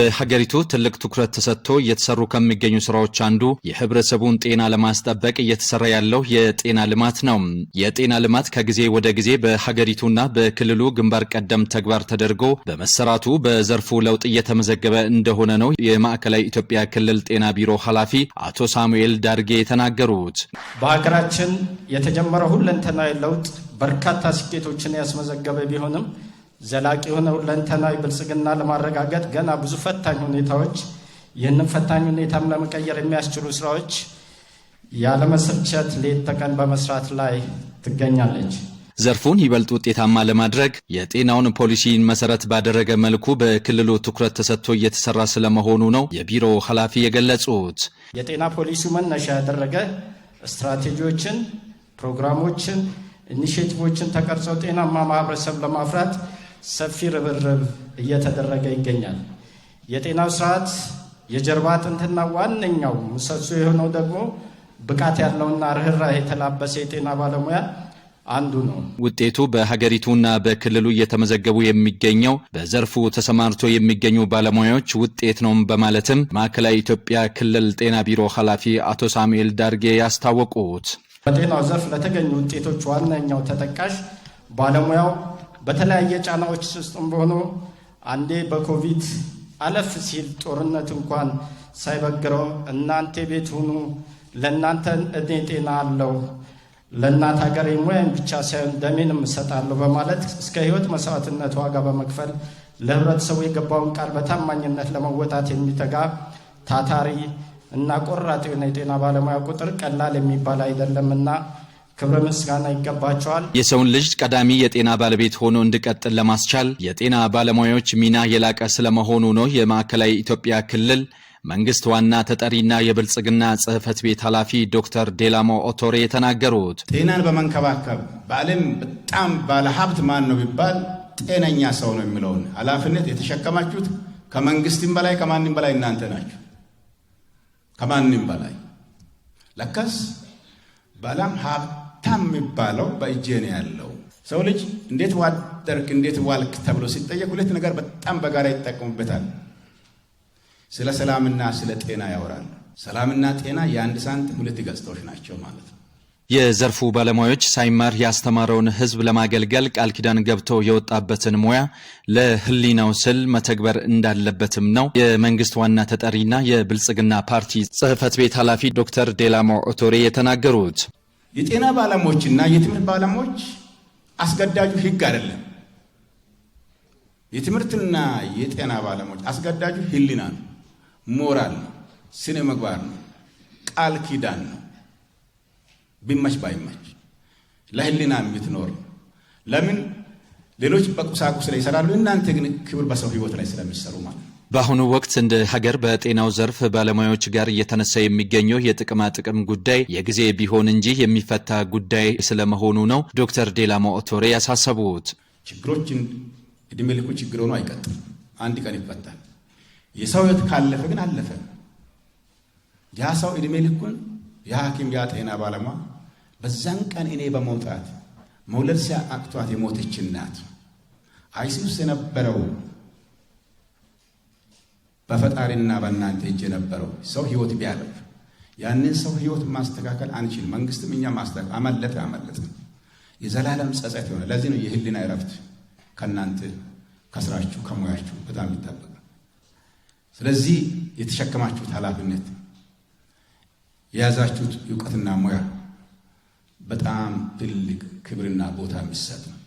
በሀገሪቱ ትልቅ ትኩረት ተሰጥቶ እየተሰሩ ከሚገኙ ስራዎች አንዱ የህብረተሰቡን ጤና ለማስጠበቅ እየተሰራ ያለው የጤና ልማት ነው። የጤና ልማት ከጊዜ ወደ ጊዜ በሀገሪቱና በክልሉ ግንባር ቀደም ተግባር ተደርጎ በመሰራቱ በዘርፉ ለውጥ እየተመዘገበ እንደሆነ ነው የማዕከላዊ ኢትዮጵያ ክልል ጤና ቢሮ ኃላፊ አቶ ሳሙኤል ዳርጌ የተናገሩት። በሀገራችን የተጀመረ ሁለንተናዊ ለውጥ በርካታ ስኬቶችን ያስመዘገበ ቢሆንም ዘላቂ የሆነ ሁለንተናዊ ብልጽግና ለማረጋገጥ ገና ብዙ ፈታኝ ሁኔታዎች ይህንም ፈታኝ ሁኔታም ለመቀየር የሚያስችሉ ስራዎች ያለመሰልቸት ሌት ተቀን በመስራት ላይ ትገኛለች። ዘርፉን ይበልጥ ውጤታማ ለማድረግ የጤናውን ፖሊሲን መሰረት ባደረገ መልኩ በክልሉ ትኩረት ተሰጥቶ እየተሰራ ስለመሆኑ ነው የቢሮው ኃላፊ የገለጹት። የጤና ፖሊሲው መነሻ ያደረገ ስትራቴጂዎችን፣ ፕሮግራሞችን፣ ኢኒሽቲቮችን ተቀርጸው ጤናማ ማህበረሰብ ለማፍራት ሰፊ ርብርብ እየተደረገ ይገኛል። የጤናው ስርዓት የጀርባ አጥንትና ዋነኛው ምሰሶ የሆነው ደግሞ ብቃት ያለውና ርኅራኄ የተላበሰ የጤና ባለሙያ አንዱ ነው። ውጤቱ በሀገሪቱና በክልሉ እየተመዘገቡ የሚገኘው በዘርፉ ተሰማርቶ የሚገኙ ባለሙያዎች ውጤት ነው በማለትም ማዕከላዊ ኢትዮጵያ ክልል ጤና ቢሮ ኃላፊ አቶ ሳሙኤል ዳርጌ ያስታወቁት በጤናው ዘርፍ ለተገኙ ውጤቶች ዋነኛው ተጠቃሽ ባለሙያው በተለያየ ጫናዎች ውስጥም ሆኖ አንዴ በኮቪድ አለፍ ሲል ጦርነት እንኳን ሳይበግረው እናንተ ቤት ሁኑ፣ ለእናንተ እኔ ጤና አለው፣ ለእናት ሀገር ሙያን ብቻ ሳይሆን ደሜንም እሰጣለሁ በማለት እስከ ህይወት መስዋዕትነት ዋጋ በመክፈል ለህብረተሰቡ የገባውን ቃል በታማኝነት ለመወጣት የሚተጋ ታታሪ እና ቆራጥ የሆነ የጤና ባለሙያ ቁጥር ቀላል የሚባል አይደለምና ክብረ ምስጋና ይገባቸዋል። የሰውን ልጅ ቀዳሚ የጤና ባለቤት ሆኖ እንዲቀጥል ለማስቻል የጤና ባለሙያዎች ሚና የላቀ ስለመሆኑ ነው የማዕከላዊ ኢትዮጵያ ክልል መንግስት ዋና ተጠሪና የብልጽግና ጽህፈት ቤት ኃላፊ ዶክተር ዴላሞ ኦቶሬ የተናገሩት። ጤናን በመንከባከብ በዓለም በጣም ባለሀብት ማን ነው ቢባል ጤነኛ ሰው ነው የሚለውን ኃላፊነት የተሸከማችሁት ከመንግስትም በላይ ከማንም በላይ እናንተ ናችሁ። ከማንም በላይ ለከስ ባለም ሀብት ሀብታም የሚባለው በእጄ ነው ያለው። ሰው ልጅ እንዴት ዋደርክ እንዴት ዋልክ ተብሎ ሲጠየቅ ሁለት ነገር በጣም በጋራ ይጠቀሙበታል። ስለ ሰላምና ስለ ጤና ያወራል። ሰላምና ጤና የአንድ ሳንት ሁለት ገጽታዎች ናቸው ማለት ነው። የዘርፉ ባለሙያዎች ሳይማር ያስተማረውን ሕዝብ ለማገልገል ቃል ኪዳን ገብቶ የወጣበትን ሙያ ለሕሊናው ስል መተግበር እንዳለበትም ነው የመንግስት ዋና ተጠሪና የብልጽግና ፓርቲ ጽህፈት ቤት ኃላፊ ዶክተር ዴላሞ ኦቶሬ የተናገሩት። የጤና ባለሙያዎችና የትምህርት ባለሙያዎች አስገዳጁ ህግ አይደለም። የትምህርትና የጤና ባለሙያዎች አስገዳጁ ህሊና ነው፣ ሞራል ነው፣ ስነ ምግባር ነው፣ ቃል ኪዳን ነው። ቢመች ባይመች ለህሊና የምትኖር ለምን ሌሎች በቁሳቁስ ላይ ይሰራሉ፣ እናንተ ግን ክብር በሰው ህይወት ላይ ስለሚሰሩ ማለት ነው። በአሁኑ ወቅት እንደ ሀገር በጤናው ዘርፍ ባለሙያዎች ጋር እየተነሳ የሚገኘው የጥቅማ ጥቅም ጉዳይ የጊዜ ቢሆን እንጂ የሚፈታ ጉዳይ ስለመሆኑ ነው ዶክተር ዴላሞ ኦቶሬ ያሳሰቡት። ችግሮችን እድሜ ልኩ ችግር ሆኖ አይቀጥም፣ አንድ ቀን ይፈታል። የሰው ህይወት ካለፈ ግን አለፈ። ያ ሰው እድሜ ልኩን ያ ያ ጤና ባለሙያ በዛን ቀን እኔ በመውጣት መውለድ ሲያቅቷት የሞተች እናት አይሲስ የነበረው በፈጣሪና በእናንተ እጅ የነበረው ሰው ህይወት ቢያለፍ ያንን ሰው ህይወት ማስተካከል አንችል። መንግስትም እኛ ማስተካከል አመለጠ አመለጠ የዘላለም ጸጸት የሆነ ለዚህ ነው የህሊና እረፍት ከእናንተ ከስራችሁ ከሙያችሁ በጣም ይጠበቃል። ስለዚህ የተሸከማችሁት ኃላፊነት የያዛችሁት እውቀትና ሙያ በጣም ትልቅ ክብርና ቦታ የሚሰጥ ነው።